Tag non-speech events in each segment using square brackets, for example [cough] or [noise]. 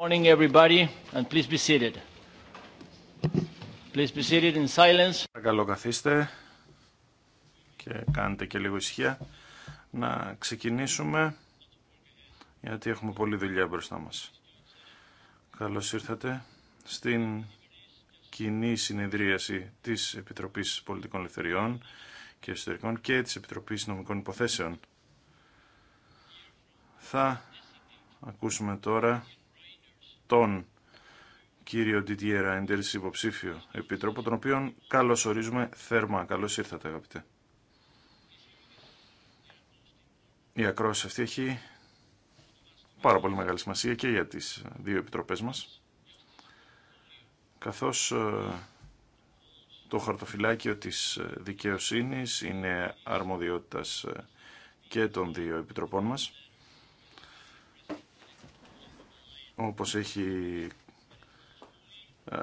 Morning everybody and please be seated. Please be seated in silence. Παρακαλώ καθίστε και κάντε και λίγο ησυχία. Να ξεκινήσουμε γιατί έχουμε πολύ δουλειά μπροστά μας. Καλώς ήρθατε στην κοινή συνεδρίαση της Επιτροπής Πολιτικών Ελευθεριών και Εσωτερικών και της Επιτροπής Νομικών Υποθέσεων. Θα ακούσουμε τώρα τον κύριο Didier Reinders, υποψήφιο επίτροπο, τον οποίον καλώς ορίζουμε θερμά. Καλώς ήρθατε αγαπητέ. Η ακρόαση αυτή έχει πάρα πολύ μεγάλη σημασία και για τις δύο επιτροπές μας, καθώς ε, το χαρτοφυλάκιο της δικαιοσύνης είναι αρμοδιότητας ε, και των δύο επιτροπών μας. όπως έχει ε,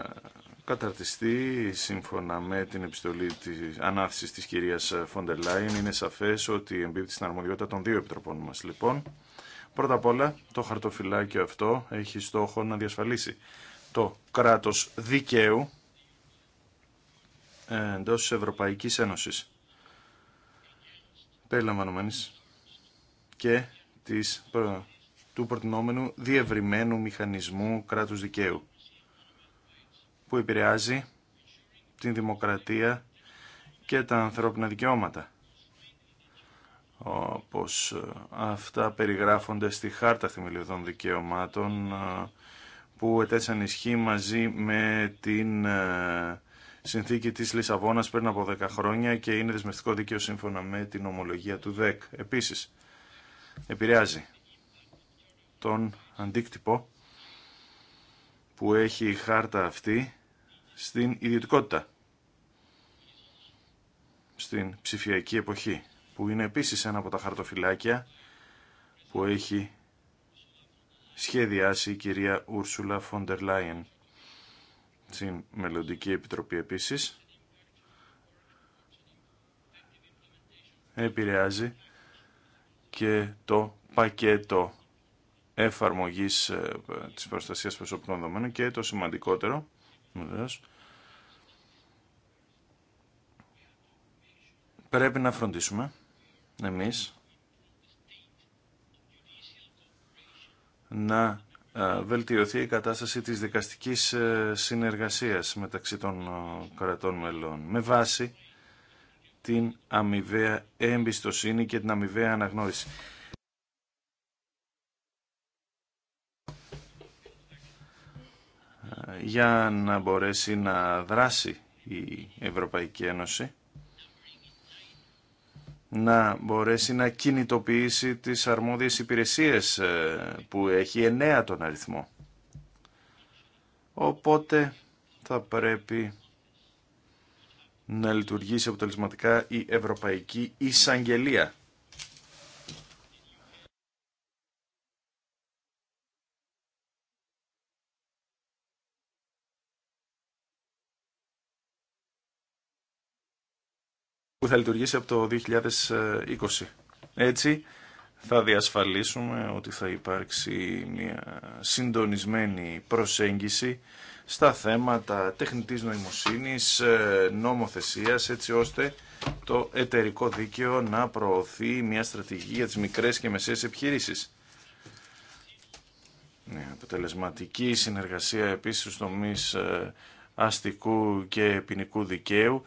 καταρτιστεί σύμφωνα με την επιστολή της ανάθεσης της κυρίας Φόντερ είναι σαφές ότι εμπίπτει στην αρμοδιότητα των δύο επιτροπών μας λοιπόν. Πρώτα απ' όλα το χαρτοφυλάκιο αυτό έχει στόχο να διασφαλίσει το κράτος δικαίου ε, εντό της Ευρωπαϊκής Ένωσης περιλαμβανομένης και της του προτινόμενου διευρυμένου μηχανισμού κράτους δικαίου που επηρεάζει την δημοκρατία και τα ανθρώπινα δικαιώματα όπως ε, αυτά περιγράφονται στη Χάρτα Θεμελιωδών Δικαιωμάτων ε, που ετέσαν ισχύ μαζί με την ε, συνθήκη της Λισαβόνας πριν από 10 χρόνια και είναι δεσμευτικό δίκαιο σύμφωνα με την ομολογία του ΔΕΚ. Επίσης, επηρεάζει τον αντίκτυπο που έχει η χάρτα αυτή στην ιδιωτικότητα, στην ψηφιακή εποχή, που είναι επίσης ένα από τα χαρτοφυλάκια που έχει σχεδιάσει η κυρία Ούρσουλα Φοντερ Λάιεν στην Μελλοντική Επιτροπή επίσης. Επηρεάζει και το πακέτο εφαρμογής ε, της προστασίας προσωπικών δεδομένων και το σημαντικότερο, βεβαίως, πρέπει να φροντίσουμε εμείς να ε, βελτιωθεί η κατάσταση της δικαστικής ε, συνεργασίας μεταξύ των κρατών μελών με βάση την αμοιβαία εμπιστοσύνη και την αμοιβαία αναγνώριση. για να μπορέσει να δράσει η Ευρωπαϊκή Ένωση να μπορέσει να κινητοποιήσει τις αρμόδιες υπηρεσίες ε, που έχει εννέα τον αριθμό. Οπότε θα πρέπει να λειτουργήσει αποτελεσματικά η Ευρωπαϊκή Εισαγγελία. που θα λειτουργήσει από το 2020. Έτσι θα διασφαλίσουμε ότι θα υπάρξει μια συντονισμένη προσέγγιση στα θέματα τεχνητής νοημοσύνης, ε, νόμοθεσίας, έτσι ώστε το εταιρικό δίκαιο να προωθεί μια στρατηγική για τις μικρές και μεσαίες επιχειρήσεις. Ναι, αποτελεσματική συνεργασία επίσης στους τομείς ε, αστικού και ποινικού δικαίου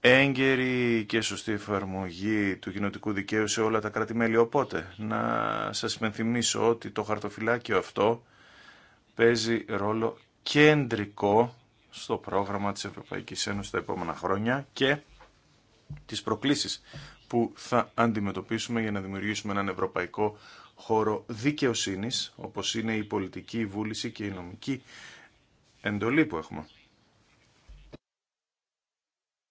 έγκαιρη και σωστή εφαρμογή του κοινοτικού δικαίου σε όλα τα κράτη-μέλη. Οπότε, να σας υπενθυμίσω ότι το χαρτοφυλάκιο αυτό παίζει ρόλο κεντρικό στο πρόγραμμα της Ευρωπαϊκής Ένωσης τα επόμενα χρόνια και τις προκλήσεις που θα αντιμετωπίσουμε για να δημιουργήσουμε έναν ευρωπαϊκό χώρο δικαιοσύνης, όπως είναι η πολιτική βούληση και η νομική εντολή που έχουμε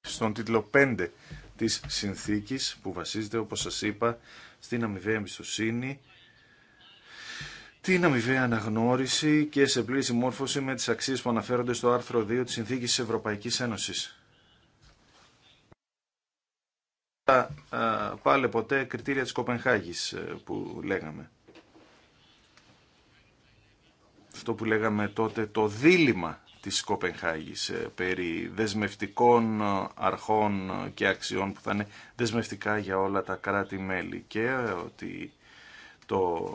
στον τίτλο 5 της συνθήκης που βασίζεται όπως σας είπα στην αμοιβαία εμπιστοσύνη την αμοιβαία αναγνώριση και σε πλήρη συμμόρφωση με τις αξίες που αναφέρονται στο άρθρο 2 της Συνθήκης της Ευρωπαϊκής Ένωσης. Τα πάλι ποτέ κριτήρια της Κοπενχάγης ε, που λέγαμε. Αυτό που λέγαμε τότε το δίλημα της Κοπενχάγης ε, περί δεσμευτικών ε, αρχών και αξιών που θα είναι δεσμευτικά για όλα τα κράτη-μέλη και ε, ότι το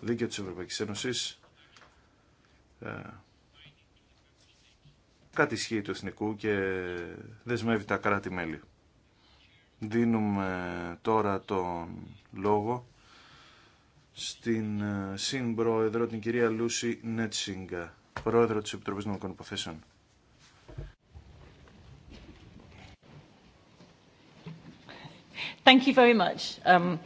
δίκαιο της Ευρωπαϊκής Ένωσης κάτι ισχύει του εθνικού και δεσμεύει τα κράτη-μέλη. Δίνουμε τώρα τον λόγο στην συμπρόεδρο την κυρία Λούση Νέτσιγκα πρόεδρο της Επιτροπής Νομικών Υποθέσεων. Thank you very much. Um,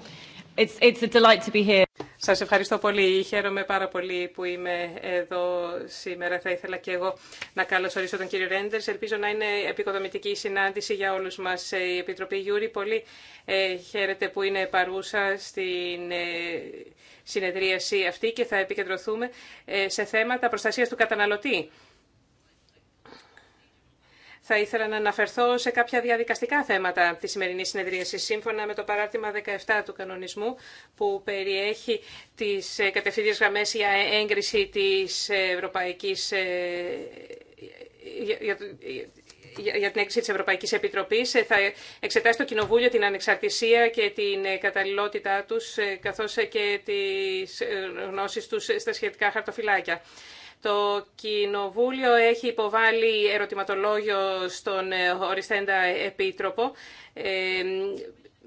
it's, it's a delight to be here. Σας ευχαριστώ πολύ. Χαίρομαι πάρα πολύ που είμαι εδώ σήμερα. Θα ήθελα και εγώ να καλωσορίσω τον κύριο Ρέντερς. Ελπίζω να είναι επικοδομητική συνάντηση για όλους μας. Ε, η Επιτροπή Γιούρη πολύ ε, χαίρεται που είναι παρούσα στην ε, συνεδρίαση αυτή και θα επικεντρωθούμε σε θέματα προστασίας του καταναλωτή. Θα ήθελα να αναφερθώ σε κάποια διαδικαστικά θέματα τη σημερινή συνεδρίαση. σύμφωνα με το παράρτημα 17 του κανονισμού, που περιέχει τις ε, κατευθυντήριες γραμμέ για έγκριση τη ε, για την έγκριση της Ευρωπαϊκής Επιτροπής. Ε, θα εξετάσει το Κοινοβούλιο την ανεξαρτησία και την καταλληλότητά τους, καθώς και τις γνώσεις τους στα σχετικά χαρτοφυλάκια. Το Κοινοβούλιο έχει υποβάλει ερωτηματολόγιο στον ε, Οριστέντα Επίτροπο ε,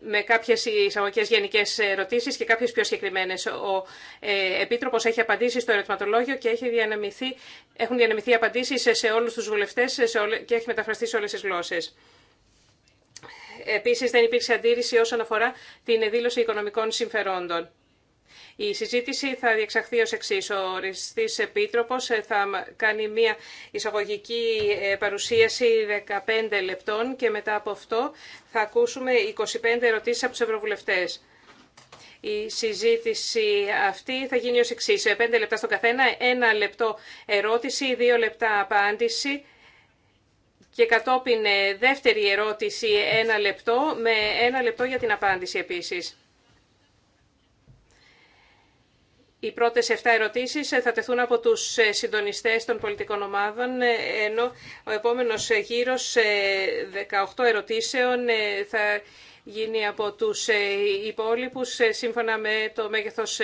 με κάποιες εισαγωγικές γενικές ερωτήσεις και κάποιες πιο συγκεκριμένες. Ο ε, Επίτροπος έχει απαντήσει στο ερωτηματολόγιο και έχει διανεμηθεί, έχουν διανεμηθεί απαντήσεις σε όλους τους βουλευτές και έχει μεταφραστεί σε όλες τις γλώσσες. Επίσης δεν υπήρξε αντίρρηση όσον αφορά την δήλωση οικονομικών συμφερόντων. Η συζήτηση θα διεξαχθεί ω εξή Ο οριστή επίτροπος ε, θα κάνει μια εισαγωγική ε, παρουσίαση 15 λεπτών και μετά από αυτό θα ακούσουμε 25 ερωτήσεις από του ευρωβουλευτέ. Η συζήτηση αυτή θα γίνει ως εξής. 5 ε, λεπτά στον καθένα, 1 λεπτό ερώτηση, 2 λεπτά απάντηση και κατόπιν δεύτερη ερώτηση 1 λεπτό με 1 λεπτό για την απάντηση επίσης. Οι πρώτες 7 ερωτήσεις ε, θα τεθούν από τους ε, συντονιστές των πολιτικών ομάδων, ε, ενώ ο επόμενος γύρος 18 ερωτήσεων θα γίνει από τους υπόλοιπους σύμφωνα με το μέγεθος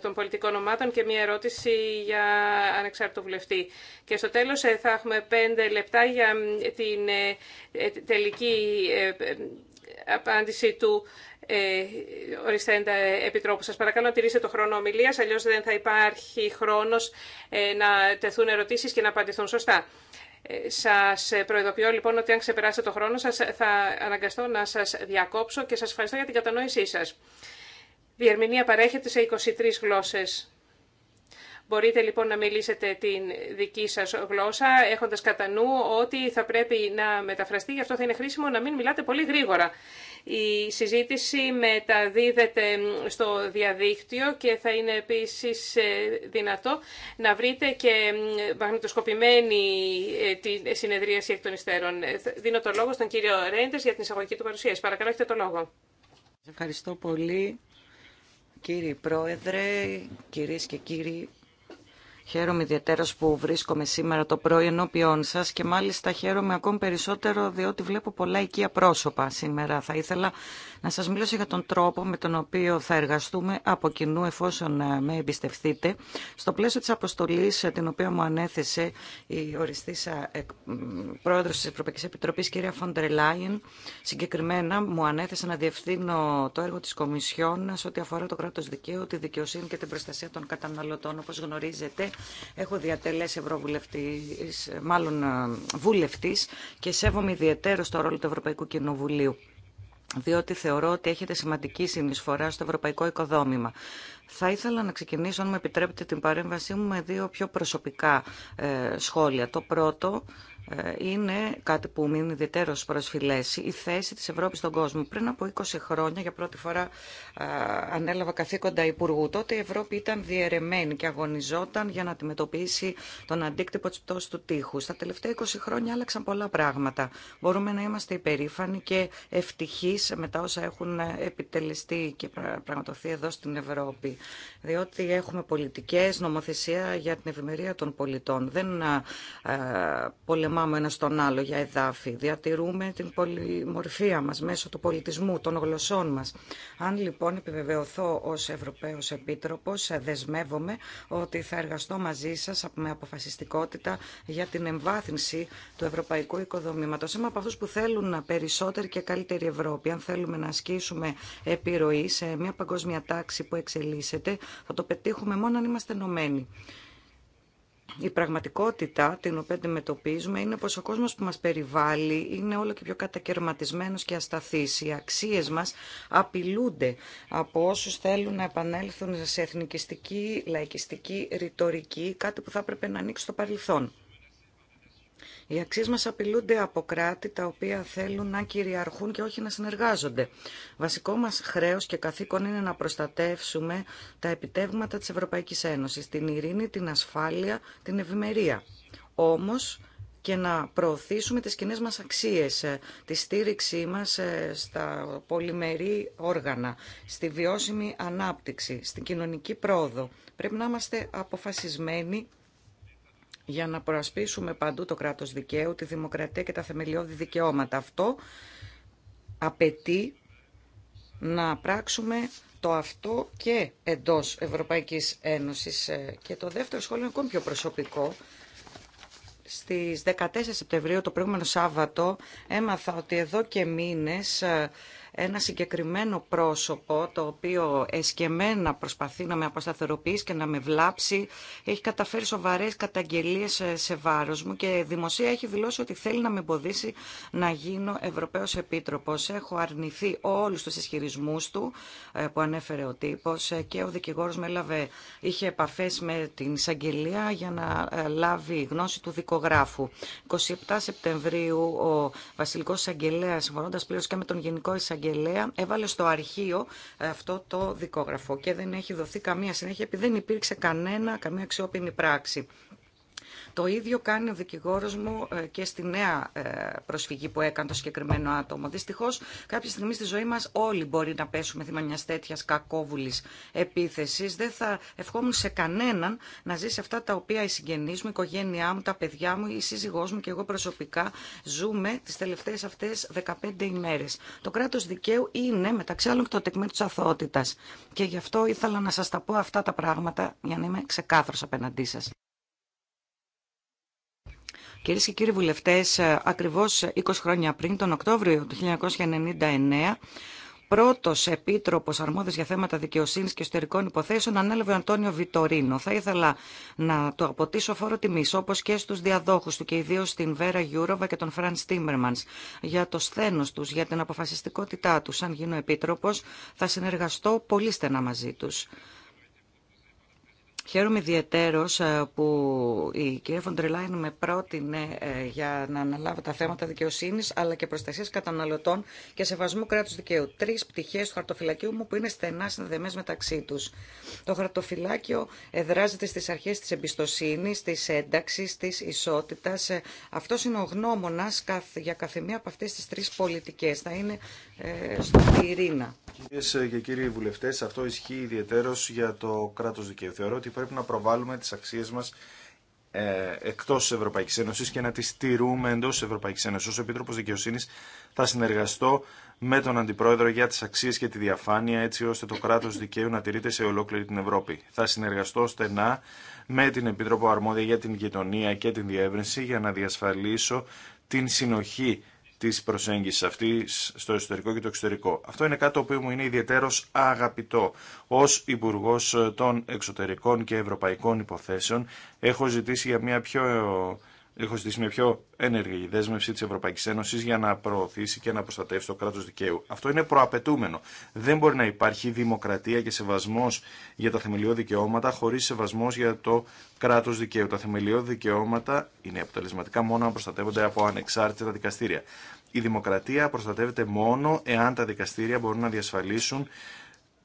των πολιτικών ομάδων και μία ερώτηση για ανεξάρτητο βουλευτή. Και στο τέλος θα έχουμε 5 λεπτά για την τελική απάντηση του ε, ορίστε επιτρόπου. Σας παρακαλώ να τηρήσετε το χρόνο ομιλίας, αλλιώς δεν θα υπάρχει χρόνος ε, να τεθούν ερωτήσεις και να απαντηθούν σωστά. Ε, σας προειδοποιώ λοιπόν ότι αν ξεπεράσετε το χρόνο σας θα αναγκαστώ να σας διακόψω και σας ευχαριστώ για την κατανόησή σας. ερμηνεία παρέχεται σε 23 γλώσσες. Μπορείτε λοιπόν να μιλήσετε την δική σας γλώσσα, έχοντας κατά νου ότι θα πρέπει να μεταφραστεί, γι' αυτό θα είναι χρήσιμο να μην μιλάτε πολύ γρήγορα. Η συζήτηση μεταδίδεται στο διαδίκτυο και θα είναι επίσης ε, δυνατό να βρείτε και μαγνητοσκοπημένη ε, τη συνεδρίαση εκ των υστέρων. Ε, δίνω το λόγο στον κύριο Ρέντες για την εισαγωγική του παρουσίαση. Παρακαλώ, έχετε το λόγο. Ευχαριστώ πολύ. Κύριε Πρόεδρε, κυρίες και κύριοι Χαίρομαι ιδιαίτερα που βρίσκομαι σήμερα το πρωί ενώπιον σα και μάλιστα χαίρομαι ακόμη περισσότερο διότι βλέπω πολλά οικία πρόσωπα σήμερα. Θα ήθελα να σα μιλήσω για τον τρόπο με τον οποίο θα εργαστούμε από κοινού εφόσον ε, με εμπιστευτείτε στο πλαίσιο τη αποστολή ε, την οποία μου ανέθεσε η οριστήσα ε, πρόεδρο τη Ευρωπαϊκή Επιτροπή, κυρία Φοντερ Συγκεκριμένα μου ανέθεσε να διευθύνω το έργο τη Κομισιόν σε ό,τι αφορά το κράτο δικαίου, τη δικαιοσύνη και την προστασία των καταναλωτών. Όπω γνωρίζετε, Έχω διατελέσει ευρωβουλευτή, μάλλον ε, βουλευτή και σέβομαι ιδιαίτερο στο ρόλο του Ευρωπαϊκού Κοινοβουλίου διότι θεωρώ ότι έχετε σημαντική συνεισφορά στο ευρωπαϊκό οικοδόμημα. Θα ήθελα να ξεκινήσω, αν μου επιτρέπετε την παρέμβασή μου, με δύο πιο προσωπικά ε, σχόλια. Το πρώτο ε, είναι κάτι που μην ιδιαίτερο προσφυλέσει η θέση της Ευρώπης στον κόσμο. Πριν από 20 χρόνια για πρώτη φορά ε, ανέλαβα καθήκοντα υπουργού. Τότε η Ευρώπη ήταν διαιρεμένη και αγωνιζόταν για να αντιμετωπίσει τον αντίκτυπο της πτώσης του τείχου. Στα τελευταία 20 χρόνια άλλαξαν πολλά πράγματα. Μπορούμε να είμαστε υπερήφανοι και ευτυχείς με τα όσα έχουν επιτελεστεί και πραγματοθεί εδώ στην Ευρώπη. Διότι έχουμε πολιτικές, νομοθεσία για την ευημερία των πολιτών. Δεν ε, ε μου ένα στον άλλο για εδάφη. Διατηρούμε την πολυμορφία μας μέσω του πολιτισμού, των γλωσσών μας. Αν λοιπόν επιβεβαιωθώ ως Ευρωπαίος Επίτροπος, ε, δεσμεύομαι ότι θα εργαστώ μαζί σας με αποφασιστικότητα για την εμβάθυνση του ευρωπαϊκού οικοδομήματος. Είμαι από αυτούς που θέλουν περισσότερη και καλύτερη Ευρώπη. Αν θέλουμε να ασκήσουμε επιρροή σε μια παγκόσμια τάξη που εξελίσσεται, θα το πετύχουμε μόνο αν είμαστε ενωμένοι η πραγματικότητα την οποία αντιμετωπίζουμε είναι πως ο κόσμος που μας περιβάλλει είναι όλο και πιο κατακαιρματισμένος και ασταθής. Οι αξίες μας απειλούνται από όσους θέλουν να επανέλθουν σε εθνικιστική, λαϊκιστική ρητορική, κάτι που θα έπρεπε να ανοίξει στο παρελθόν. Οι αξίες μας απειλούνται από κράτη τα οποία θέλουν να κυριαρχούν και όχι να συνεργάζονται. Βασικό μας χρέος και καθήκον είναι να προστατεύσουμε τα επιτεύγματα της Ευρωπαϊκής Ένωσης, την ειρήνη, την ασφάλεια, την ευημερία. Όμως και να προωθήσουμε τις κοινέ μας αξίες, ε, τη στήριξή μας ε, στα πολυμερή όργανα, στη βιώσιμη ανάπτυξη, στην κοινωνική πρόοδο. Πρέπει να είμαστε αποφασισμένοι για να προασπίσουμε παντού το κράτος δικαίου, τη δημοκρατία και τα θεμελιώδη δικαιώματα. Αυτό απαιτεί να πράξουμε το αυτό και εντός Ευρωπαϊκής Ένωσης. Ε, και το δεύτερο σχόλιο είναι ακόμη πιο προσωπικό. Στις 14 Σεπτεμβρίου, το προηγούμενο Σάββατο, έμαθα ότι εδώ και μήνες ε, ένα συγκεκριμένο πρόσωπο το οποίο εσκεμένα προσπαθεί να με αποσταθεροποιήσει και να με βλάψει. Έχει καταφέρει σοβαρές καταγγελίες ε, σε βάρος μου και δημοσία έχει δηλώσει ότι θέλει να με εμποδίσει να γίνω Ευρωπαίος Επίτροπος. Έχω αρνηθεί όλους τους ισχυρισμού του ε, που ανέφερε ο τύπος ε, και ο δικηγόρος με έλαβε, είχε επαφές με την εισαγγελία για να λάβει γνώση του δικογράφου. 27 Σεπτεμβρίου ο Βασιλικός Εισαγγελέας, συμφωνώντας πλήρως και με τον Γενικό Εισαγγελέα, εισαγγελέα έβαλε στο αρχείο ε, αυτό το δικόγραφο και δεν έχει δοθεί καμία συνέχεια επειδή δεν υπήρξε κανένα, καμία αξιόπινη πράξη. Το ίδιο κάνει ο δικηγόρος μου ε, και στη νέα ε, προσφυγή που έκανε το συγκεκριμένο άτομο. Δυστυχώς κάποια στιγμή στη ζωή μας όλοι μπορεί να πέσουμε θύμα μια τέτοιας κακόβουλης επίθεσης. Δεν θα ευχόμουν σε κανέναν να ζήσει αυτά τα οποία οι συγγενείς μου, η οικογένειά μου, τα παιδιά μου, η σύζυγός μου και εγώ προσωπικά ζούμε τις τελευταίες αυτές 15 ημέρες. Το κράτος δικαίου είναι μεταξύ άλλων το τεκμήριο της αθωότητας. Και γι' αυτό ήθελα να σας τα πω αυτά τα πράγματα για να είμαι ξεκάθρο απέναντί σα. Κυρίε και κύριοι βουλευτέ, ε, ακριβώ 20 χρόνια πριν, τον Οκτώβριο του 1999, πρώτο επίτροπο αρμόδιο για θέματα δικαιοσύνη και εσωτερικών υποθέσεων ανέλαβε ο Αντώνιο Βιτορίνο. Θα ήθελα να το αποτίσω φόρο τιμή, όπω και στου διαδόχου του και ιδίω στην Βέρα Γιούροβα και τον Φραν Τίμερμαν, για το σθένο του, για την αποφασιστικότητά του. Αν γίνω επίτροπο, θα συνεργαστώ πολύ στενά μαζί του. Χαίρομαι ιδιαίτερω ε, που η κυρία Φοντρελάιν με πρότεινε ε, για να αναλάβω τα θέματα δικαιοσύνης αλλά και προστασίας καταναλωτών και σεβασμού κράτους δικαίου. Τρεις πτυχές του χαρτοφυλακίου μου που είναι στενά συνδεμένες μεταξύ τους. Το χαρτοφυλάκιο εδράζεται στις αρχές της εμπιστοσύνη, της ένταξη, της ισότητα. Ε, Αυτό είναι ο γνώμονα για καθεμία από αυτέ τι τρει πολιτικέ. Θα είναι ε, στον πυρήνα. Κυρίε ε, και κύριοι βουλευτέ, αυτό ισχύει ιδιαίτερω για το κράτο δικαίου. Θεωρώ ότι πρέπει να προβάλλουμε τι αξίε μα ε, εκτό Ευρωπαϊκή Ένωση και να τι τηρούμε εντό Ευρωπαϊκή Ένωση. Ω Επίτροπο Δικαιοσύνη θα συνεργαστώ με τον Αντιπρόεδρο για τι αξίε και τη διαφάνεια, έτσι ώστε το κράτο δικαίου να τηρείται σε ολόκληρη την Ευρώπη. Θα συνεργαστώ στενά με την Επίτροπο Αρμόδια για την Γειτονία και την Διεύρυνση για να διασφαλίσω την συνοχή Τη προσέγγιση αυτή στο εσωτερικό και το εξωτερικό. Αυτό είναι κάτι το οποίο μου είναι ιδιαίτερος αγαπητό. Ως υπουργό των Εξωτερικών και Ευρωπαϊκών Υποθέσεων έχω ζητήσει για μια πιο έχω ζητήσει μια πιο ενεργή δέσμευση τη Ευρωπαϊκή Ένωση για να προωθήσει και να προστατεύσει το κράτο δικαίου. Αυτό είναι προαπαιτούμενο. Δεν μπορεί να υπάρχει δημοκρατία και σεβασμό για τα θεμελιώδη δικαιώματα χωρί σεβασμό για το κράτο δικαίου. Τα θεμελιώδη δικαιώματα είναι αποτελεσματικά μόνο αν προστατεύονται από ανεξάρτητα δικαστήρια. Η δημοκρατία προστατεύεται μόνο εάν τα δικαστήρια μπορούν να διασφαλίσουν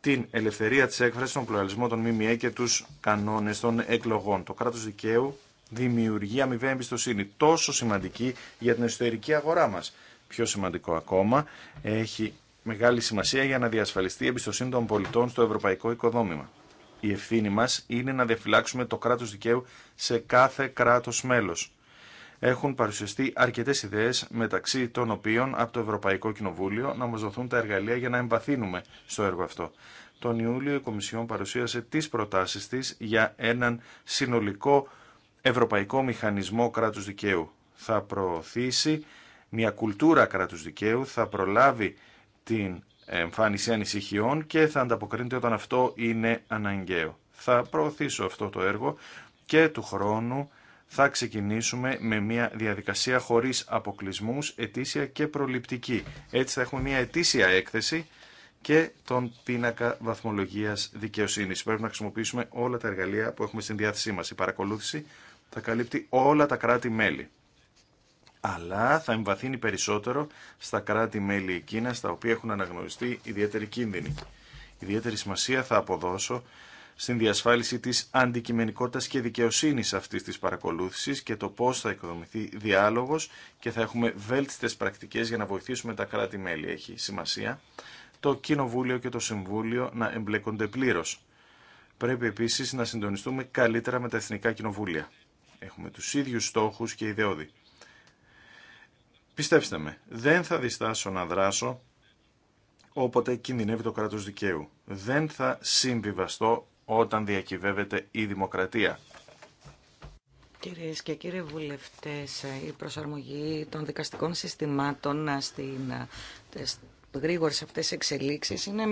την ελευθερία τη έκφραση τον πλουραλισμό των ΜΜΕ και του κανόνε των εκλογών. Το κράτο δικαίου δημιουργεί αμοιβαία εμπιστοσύνη. Τόσο σημαντική για την εσωτερική αγορά μας. Πιο σημαντικό ακόμα, έχει μεγάλη σημασία για να διασφαλιστεί η εμπιστοσύνη των πολιτών στο ευρωπαϊκό οικοδόμημα. Η ευθύνη μας είναι να διαφυλάξουμε το κράτος δικαίου σε κάθε κράτος μέλος. Έχουν παρουσιαστεί αρκετές ιδέες, μεταξύ των οποίων από το Ευρωπαϊκό Κοινοβούλιο να μας δοθούν τα εργαλεία για να εμβαθύνουμε στο έργο αυτό. Τον Ιούλιο η Κομισιόν παρουσίασε τις προτάσεις της για έναν συνολικό Ευρωπαϊκό Μηχανισμό Κράτους Δικαίου. Θα προωθήσει μια κουλτούρα κράτους δικαίου, θα προλάβει την εμφάνιση ανησυχιών και θα ανταποκρίνεται όταν αυτό είναι αναγκαίο. Θα προωθήσω αυτό το έργο και του χρόνου θα ξεκινήσουμε με μια διαδικασία χωρίς αποκλεισμούς, ετήσια και προληπτική. Έτσι θα έχουμε μια ετήσια έκθεση και τον πίνακα βαθμολογίας δικαιοσύνης. Πρέπει να χρησιμοποιήσουμε όλα τα εργαλεία που έχουμε στην διάθεσή μας. Η παρακολούθηση θα καλύπτει όλα τα κράτη-μέλη. Αλλά θα εμβαθύνει περισσότερο στα κράτη-μέλη εκείνα στα οποία έχουν αναγνωριστεί ιδιαίτερη κίνδυνη. Ιδιαίτερη σημασία θα αποδώσω στην διασφάλιση της αντικειμενικότητας και δικαιοσύνης αυτής της παρακολούθησης και το πώς θα οικοδομηθεί διάλογος και θα έχουμε βέλτιστες πρακτικές για να βοηθήσουμε τα κράτη-μέλη. Έχει σημασία το Κοινοβούλιο και το Συμβούλιο να εμπλέκονται πλήρως. Πρέπει επίσης να συντονιστούμε καλύτερα με τα Εθνικά Κοινοβούλια. Έχουμε τους ίδιους στόχους και ιδεώδη. Πιστέψτε με, δεν θα διστάσω να δράσω όποτε κινδυνεύει το κράτος δικαίου. Δεν θα συμβιβαστώ όταν διακυβεύεται η δημοκρατία. Κυρίες και κύριοι βουλευτές, η προσαρμογή των δικαστικών συστημάτων στην ε, Γρήγορε αυτέ αυτές εξελίξει είναι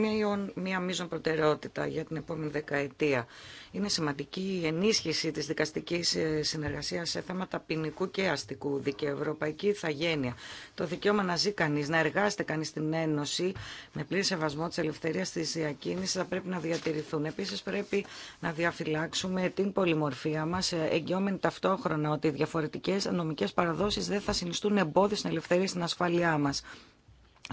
μία, μείζον προτεραιότητα για την επόμενη δεκαετία. Είναι σημαντική η ενίσχυση τη δικαστική ε, συνεργασία σε θέματα ποινικού και αστικού δικαίου, ευρωπαϊκή ηθαγένεια. Το δικαίωμα να ζει κανεί, να εργάζεται κανεί στην Ένωση με πλήρη σεβασμό τη ελευθερία τη διακίνηση θα πρέπει να διατηρηθούν. Επίση πρέπει να διαφυλάξουμε την πολυμορφία μα ε, εγγυόμενη ταυτόχρονα ότι οι διαφορετικέ νομικέ παραδόσει δεν θα συνιστούν εμπόδιο στην ελευθερία στην ασφάλειά μα.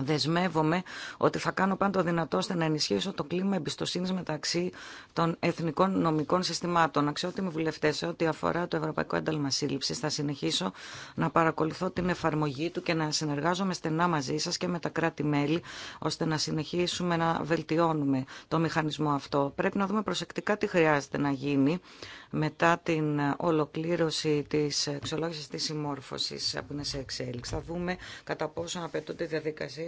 Δεσμεύομαι ότι θα κάνω πάντο δυνατό ώστε να ενισχύσω το κλίμα εμπιστοσύνη μεταξύ των εθνικών νομικών συστημάτων. Αξιότιμοι βουλευτέ, σε ό,τι αφορά το Ευρωπαϊκό Ένταλμα Σύλληψη, θα συνεχίσω να παρακολουθώ την εφαρμογή του και να συνεργάζομαι στενά μαζί σα και με τα κράτη-μέλη, ώστε να συνεχίσουμε να βελτιώνουμε το μηχανισμό αυτό. Πρέπει να δούμε προσεκτικά τι χρειάζεται να γίνει μετά την ολοκλήρωση τη εξολόγηση τη συμμόρφωση που είναι σε εξέλιξη. Θα δούμε κατά πόσο απαιτούνται διαδικασίε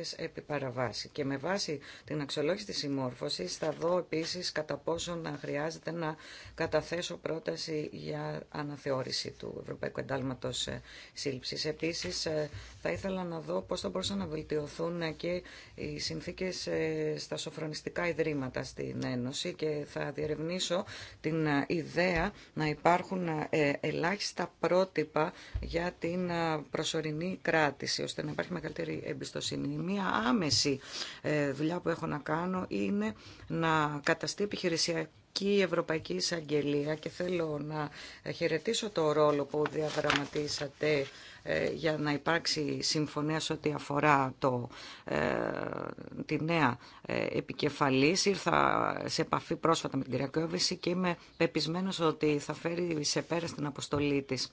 και με βάση την αξιολόγηση της συμμόρφωσης θα δω επίσης κατά πόσο να χρειάζεται να καταθέσω πρόταση για αναθεώρηση του Ευρωπαϊκού Εντάλματος ε, Σύλληψης. Επίσης ε, θα ήθελα να δω πώς θα μπορούσαν να βελτιωθούν ε, και οι συνθήκες στα σοφρονιστικά ιδρύματα στην Ένωση και θα διερευνήσω την ιδέα να υπάρχουν ελάχιστα πρότυπα για την προσωρινή κράτηση, ώστε να υπάρχει μεγαλύτερη εμπιστοσύνη μία άμεση ε, δουλειά που έχω να κάνω είναι να καταστεί επιχειρησιακή Ευρωπαϊκή Εισαγγελία και θέλω να χαιρετήσω το ρόλο που διαδραματίσατε ε, για να υπάρξει συμφωνία σε ό,τι αφορά το, ε, τη νέα επικεφαλής. Ήρθα σε επαφή πρόσφατα με την κυρία και είμαι πεπισμένος ότι θα φέρει σε πέρα στην αποστολή της.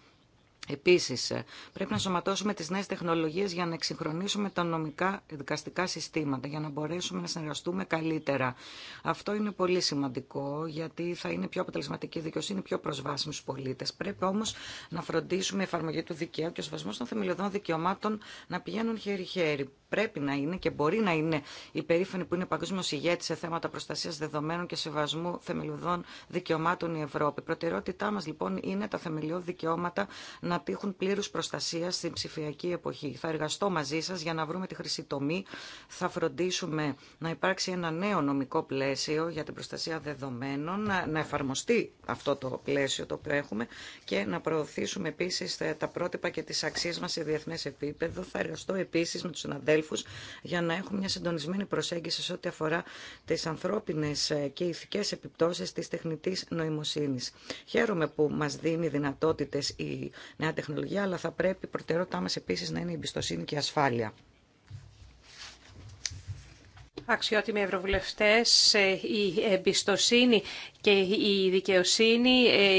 Επίσης, ε, πρέπει να σωματώσουμε τις νέες τεχνολογίες για να εξυγχρονίσουμε τα νομικά δικαστικά συστήματα, για να μπορέσουμε να συνεργαστούμε καλύτερα. Αυτό είναι πολύ σημαντικό, γιατί θα είναι πιο αποτελεσματική η δικαιοσύνη, πιο προσβάσιμη στους πολίτες. Πρέπει όμως να φροντίσουμε η εφαρμογή του δικαίου και ο σεβασμό των θεμελιωδών δικαιωμάτων να πηγαίνουν χέρι-χέρι. Πρέπει να είναι και μπορεί να είναι η περήφανη που είναι παγκόσμιο ηγέτη σε θέματα προστασία δεδομένων και σεβασμού θεμελιωδών δικαιωμάτων η Ευρώπη. Η προτεραιότητά μα λοιπόν είναι τα θεμελιώδη δικαιώματα να πήχουν πλήρους προστασία στην ψηφιακή εποχή. Θα εργαστώ μαζί σας για να βρούμε τη χρυσή τομή. Θα φροντίσουμε να υπάρξει ένα νέο νομικό πλαίσιο για την προστασία δεδομένων, να εφαρμοστεί αυτό το πλαίσιο το οποίο έχουμε και να προωθήσουμε επίσης τα πρότυπα και τις αξίες μας σε διεθνές επίπεδο. Θα εργαστώ επίσης με τους συναδέλφους για να έχουμε μια συντονισμένη προσέγγιση σε ό,τι αφορά τις ανθρώπινες και ηθικές επιπτώσεις τη τεχνητής νοημοσύνη. Χαίρομαι που μας δίνει δυνατότητες η νέα τεχνολογία, αλλά θα πρέπει προτεραιότητά μας επίσης να είναι η εμπιστοσύνη και η ασφάλεια. Αξιότιμοι Ευρωβουλευτές, ε, η εμπιστοσύνη και η δικαιοσύνη ε,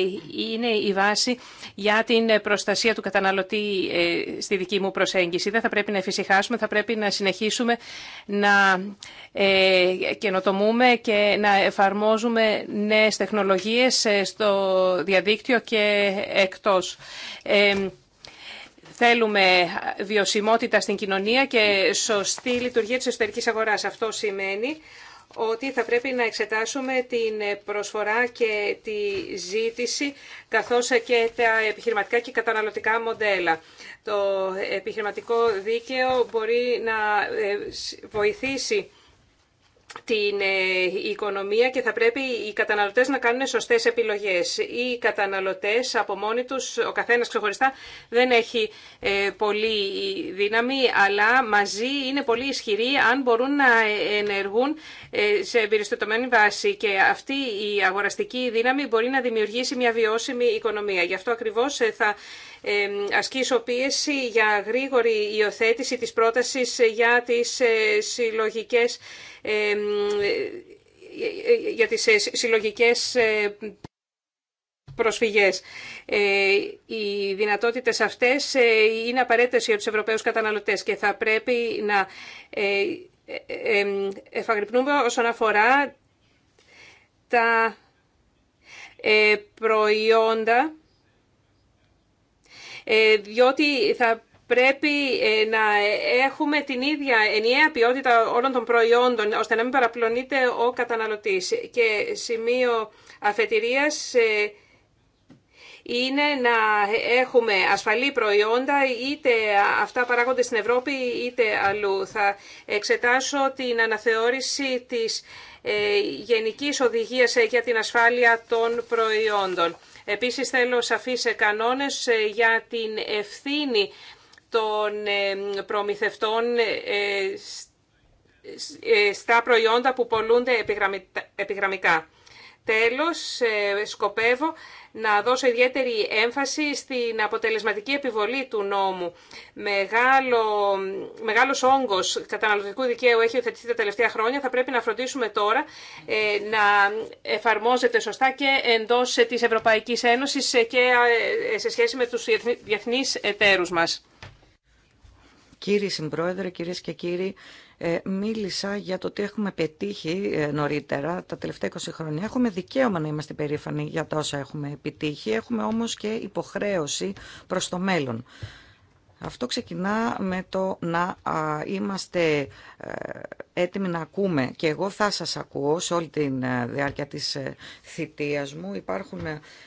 είναι η βάση για την προστασία του καταναλωτή ε, στη δική μου προσέγγιση. Δεν θα πρέπει να εφησυχάσουμε, θα πρέπει να συνεχίσουμε να καινοτομούμε και να εφαρμόζουμε νέες τεχνολογίες στο διαδίκτυο και εκτός. Θέλουμε βιωσιμότητα στην κοινωνία και σωστή λειτουργία της εσωτερικής αγοράς. Αυτό σημαίνει ότι θα πρέπει να εξετάσουμε την προσφορά και τη ζήτηση, καθώς και τα επιχειρηματικά και καταναλωτικά μοντέλα. Το επιχειρηματικό δίκαιο μπορεί να ε, βοηθήσει την ε, οικονομία και θα πρέπει οι καταναλωτές να κάνουν σωστές επιλογές. Οι καταναλωτές από μόνοι τους, ο καθένας ξεχωριστά, δεν έχει ε, πολύ δύναμη, αλλά μαζί είναι πολύ ισχυροί αν μπορούν να ενεργούν ε, σε εμπεριστατωμένη βάση και αυτή η αγοραστική δύναμη μπορεί να δημιουργήσει μια βιώσιμη οικονομία. Γι' αυτό ακριβώς θα ασκήσω πίεση για γρήγορη υιοθέτηση της πρότασης για τις ε, συλλογικές για τις ε, συλλογικές ε, προσφυγές. οι δυνατότητες αυτές είναι απαραίτητες για τους Ευρωπαίους καταναλωτές και θα πρέπει να εφαγρυπνούμε όσον αφορά τα προϊόντα ε, διότι θα πρέπει ε, να έχουμε την ίδια ενιαία ποιότητα όλων των προϊόντων, ώστε να μην παραπλονείται ο καταναλωτής. Και σημείο αφετηρίας ε, είναι να έχουμε ασφαλή προϊόντα, είτε αυτά παράγονται στην Ευρώπη είτε αλλού. Θα εξετάσω την αναθεώρηση της Γενικής Οδηγίας για την Ασφάλεια των Προϊόντων. Επίσης θέλω σαφείς κανόνες ε, για την ευθύνη των ε, προμηθευτών ε, στα προϊόντα που πολλούνται επιγραμμικά. Τέλος, σκοπεύω να δώσω ιδιαίτερη έμφαση στην αποτελεσματική επιβολή του νόμου. Μεγάλο, μεγάλος όγκος καταναλωτικού δικαίου έχει οθετηθεί τα τελευταία χρόνια. Θα πρέπει να φροντίσουμε τώρα ε, να εφαρμόζεται σωστά και εντός της Ευρωπαϊκής Ένωσης και ε, σε σχέση με τους διεθνείς εταίρους μας. Κύριε Συμπρόεδρε, κυρίες και κύριοι, ε, μίλησα για το τι έχουμε πετύχει ε, νωρίτερα τα τελευταία 20 χρόνια. Έχουμε δικαίωμα να είμαστε περήφανοι για τα όσα έχουμε επιτύχει. Έχουμε όμως και υποχρέωση προς το μέλλον. Αυτό ξεκινά με το να είμαστε ε, έτοιμοι να ακούμε και εγώ θα σας ακούω σε όλη τη διάρκεια της θητείας μου. Υπάρχουν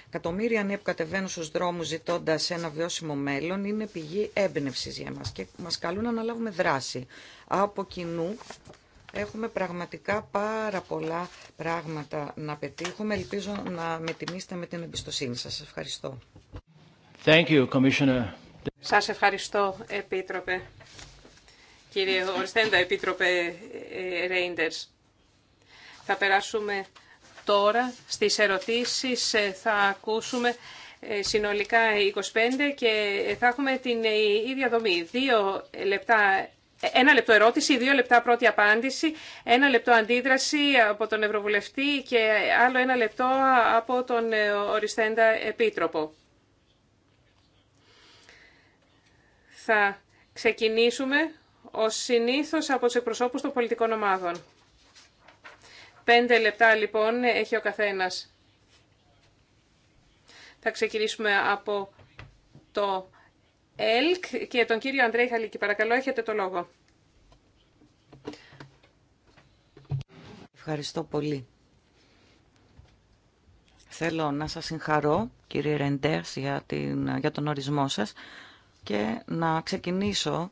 εκατομμύρια νέοι που κατεβαίνουν στους δρόμους ζητώντας ένα βιώσιμο μέλλον. Είναι πηγή έμπνευσης για μας και μας καλούν να αναλάβουμε δράση από κοινού έχουμε πραγματικά πάρα πολλά πράγματα να πετύχουμε. Ελπίζω να με τιμήσετε με την εμπιστοσύνη σας. Ευχαριστώ. Thank you, Commissioner. Σας ευχαριστώ, Επίτροπε. Κύριε Οριστέντα, Επίτροπε Ρέιντερς. Θα περάσουμε τώρα στις ερωτήσεις. Ε, θα ακούσουμε ε, συνολικά 25 και θα έχουμε την ε, ίδια δομή. Δύο λεπτά ε, ένα λεπτό ερώτηση, δύο λεπτά πρώτη απάντηση, ένα λεπτό αντίδραση από τον Ευρωβουλευτή και άλλο ένα λεπτό από τον ε, Οριστέντα Επίτροπο. Θα ξεκινήσουμε ως συνήθως από τους εκπροσώπους των πολιτικών ομάδων. Πέντε λεπτά λοιπόν έχει ο καθένας. Θα ξεκινήσουμε από το ΕΛΚ και τον κύριο Ανδρέη Χαλίκη. Παρακαλώ, έχετε το λόγο. Ευχαριστώ πολύ. Θέλω να σας συγχαρώ, κύριε Ρεντέρς, για, την, για τον ορισμό σας και να ξεκινήσω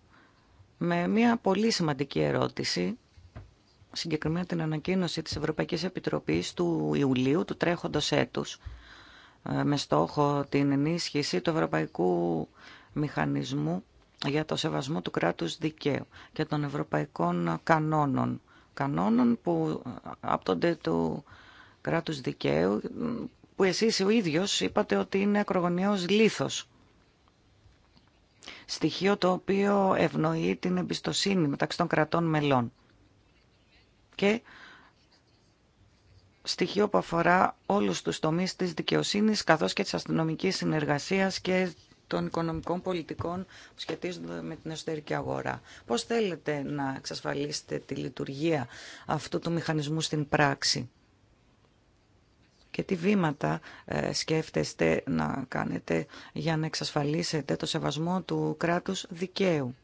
με μια πολύ σημαντική ερώτηση, συγκεκριμένα την ανακοίνωση της Ευρωπαϊκής Επιτροπής του Ιουλίου του τρέχοντος έτους, ε, με στόχο την ενίσχυση του ευρωπαϊκού μηχανισμού για το σεβασμό του κράτους δικαίου και των ευρωπαϊκών κανόνων. Κανόνων που άπτονται του κράτους δικαίου, που εσείς ο ίδιος είπατε ότι είναι ακρογωνιαίος λήθος. Στοιχείο το οποίο ευνοεί την εμπιστοσύνη μεταξύ των κρατών μελών. Και στοιχείο που αφορά όλους τους τομείς της δικαιοσύνης καθώς και της αστυνομικής συνεργασίας και των οικονομικών πολιτικών που με την εσωτερική αγορά. Πώς θέλετε να εξασφαλίσετε τη λειτουργία αυτού του μηχανισμού στην πράξη και τι βήματα ε, σκέφτεστε να κάνετε για να εξασφαλίσετε το σεβασμό του κράτους δικαίου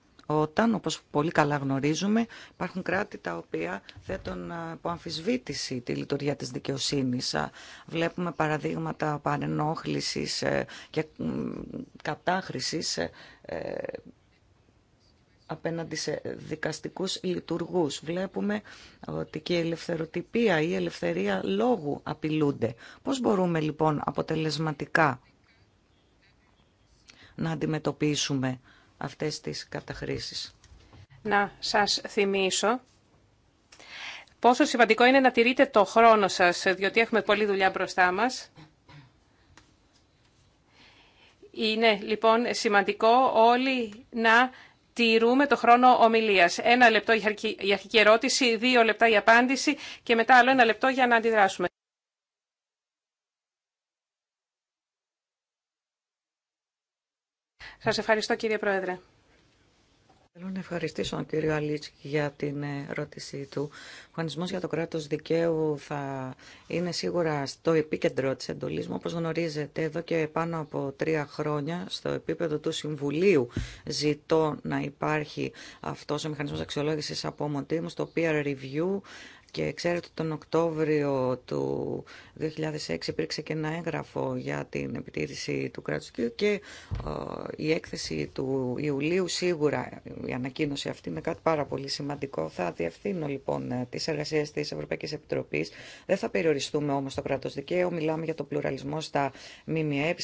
όταν, όπως πολύ καλά γνωρίζουμε, υπάρχουν κράτη τα οποία θέτουν από αμφισβήτηση τη λειτουργία της δικαιοσύνης. Βλέπουμε παραδείγματα παρενόχλησης ε, και κατάχρησης ε, ε, απέναντι σε δικαστικούς λειτουργούς. Βλέπουμε ότι και η ελευθεροτυπία ή η ελευθερία λόγου απειλούνται. Πώς μπορούμε λοιπόν αποτελεσματικά να αντιμετωπίσουμε αυτές τις καταχρήσεις. Να σας θυμίσω πόσο σημαντικό είναι να τηρείτε το χρόνο σας, διότι έχουμε πολλή δουλειά μπροστά μας. Είναι λοιπόν σημαντικό όλοι να τηρούμε το χρόνο ομιλίας. Ένα λεπτό για αρχική ερώτηση, δύο λεπτά για απάντηση και μετά άλλο ένα λεπτό για να αντιδράσουμε. Σας ευχαριστώ κύριε Πρόεδρε. Θέλω να ευχαριστήσω τον κύριο Αλίτσικ για την ερώτησή του. Ο οργανισμός για το κράτος δικαίου θα είναι σίγουρα στο επίκεντρο της εντολής μου. Όπως γνωρίζετε, εδώ και πάνω από τρία χρόνια στο επίπεδο του Συμβουλίου ζητώ να υπάρχει αυτός ο μηχανισμός αξιολόγησης από μοντήμου στο peer review και ξέρετε τον Οκτώβριο του 2006 υπήρξε και ένα έγγραφο για την επιτήρηση του κράτους και ε, η έκθεση του Ιουλίου σίγουρα η ανακοίνωση αυτή είναι κάτι πάρα πολύ σημαντικό. Θα διευθύνω λοιπόν ε, τις εργασίες της Ευρωπαϊκής Επιτροπής. Δεν θα περιοριστούμε όμως το κράτος δικαίου. Μιλάμε για τον πλουραλισμό στα ΜΜΕ,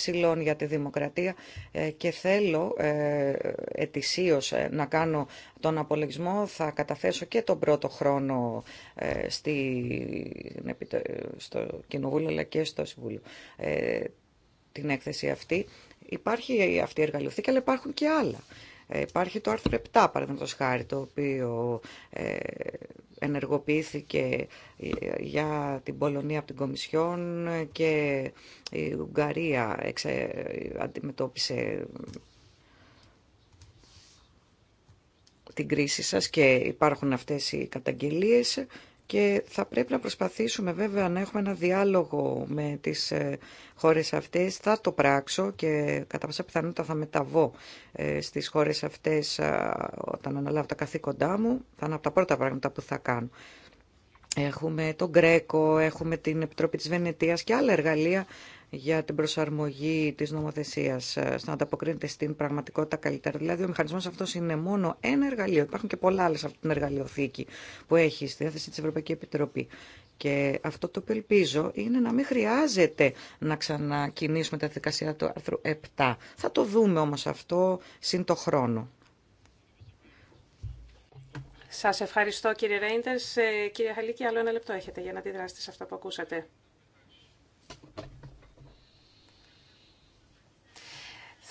για τη δημοκρατία ε, και θέλω ε, ετησίως να κάνω τον απολογισμό. Θα καταθέσω και τον πρώτο χρόνο στη, στο Κοινοβούλιο αλλά και στο Συμβούλιο ε, την έκθεση αυτή. Υπάρχει αυτή η εργαλειοθήκη, αλλά υπάρχουν και άλλα. Ε, υπάρχει το άρθρο 7, παραδείγματο χάρη, το οποίο ε, ενεργοποιήθηκε ε, για την Πολωνία από την Κομισιόν και η Ουγγαρία εξε, αντιμετώπισε την κρίση σας και υπάρχουν αυτές οι καταγγελίες και θα πρέπει να προσπαθήσουμε βέβαια να έχουμε ένα διάλογο με τις ε, χώρες αυτές. Θα το πράξω και κατά πάσα πιθανότητα θα μεταβώ ε, στις χώρες αυτές όταν αναλάβω τα καθήκοντά μου. Θα είναι από τα πρώτα πράγματα που θα κάνω. Έχουμε τον Γκρέκο, έχουμε την Επιτροπή της Βενετίας και άλλα εργαλεία για την προσαρμογή της νομοθεσίας ε, να ανταποκρίνεται στην πραγματικότητα καλύτερα. Δηλαδή ο μηχανισμό αυτό είναι μόνο ένα εργαλείο. Υπάρχουν και πολλά άλλα σε την εργαλειοθήκη που έχει στη διάθεση τη Ευρωπαϊκή Επιτροπή. Και αυτό το οποίο ελπίζω είναι να μην χρειάζεται να ξανακινήσουμε τα δικασία του άρθρου 7. Θα το δούμε όμως αυτό συν το χρόνο. Σας ευχαριστώ κύριε Ρέιντερς. Ε, κύριε Χαλίκη, άλλο ένα λεπτό έχετε για να αντιδράσετε σε αυτό που ακούσατε.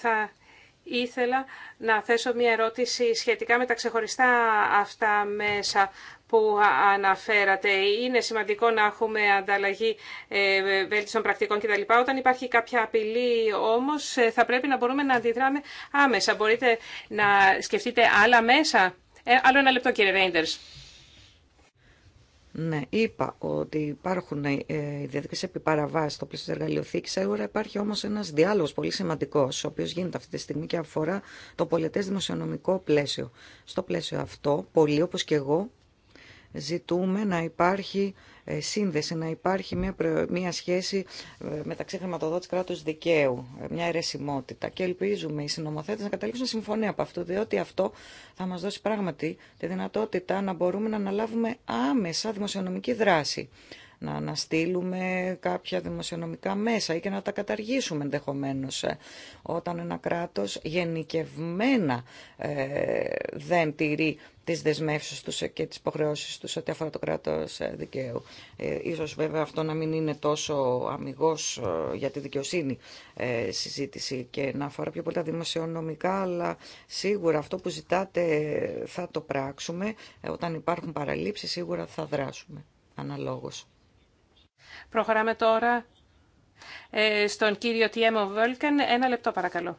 Θα ήθελα να θέσω μια ερώτηση σχετικά με τα ξεχωριστά αυτά μέσα που αναφέρατε. Είναι σημαντικό να έχουμε ανταλλαγή ε, βέλτιστων πρακτικών κτλ. Όταν υπάρχει κάποια απειλή όμως ε, θα πρέπει να μπορούμε να αντιδράμε άμεσα. Μπορείτε να σκεφτείτε άλλα μέσα. Ε, άλλο ένα λεπτό κύριε Ρέιντερς. Ναι, είπα ότι υπάρχουν ε, διαδικασίε επί στο πλαίσιο τη εργαλειοθήκη. Σίγουρα υπάρχει όμω ένα διάλογο πολύ σημαντικό, ο οποίο γίνεται αυτή τη στιγμή και αφορά το πολιτέ δημοσιονομικό πλαίσιο. Στο πλαίσιο αυτό, πολλοί όπω και εγώ ζητούμε να υπάρχει ε, σύνδεση, να υπάρχει μια, μια σχέση ε, μεταξύ χρηματοδότης κράτους δικαίου, ε, μια αιρεσιμότητα. Και ελπίζουμε οι συνομοθέτες να καταλήξουν συμφωνία από αυτό, διότι αυτό θα μας δώσει πράγματι τη δυνατότητα να μπορούμε να αναλάβουμε άμεσα δημοσιονομική δράση να αναστείλουμε κάποια δημοσιονομικά μέσα ή και να τα καταργήσουμε ενδεχομένω ε, όταν ένα κράτος γενικευμένα ε, δεν τηρεί τις δεσμεύσεις τους και τις υποχρεώσεις τους ό,τι αφορά το κράτος ε, δικαίου. ίσως βέβαια αυτό να μην είναι τόσο αμυγός για τη δικαιοσύνη συζήτηση και να αφορά πιο πολύ τα δημοσιονομικά, αλλά σίγουρα αυτό που ζητάτε θα το πράξουμε. όταν υπάρχουν παραλήψεις σίγουρα θα δράσουμε αναλόγως. Προχωράμε τώρα ε, στον κύριο Τιέμο Βόλκεν. Ένα λεπτό παρακαλώ.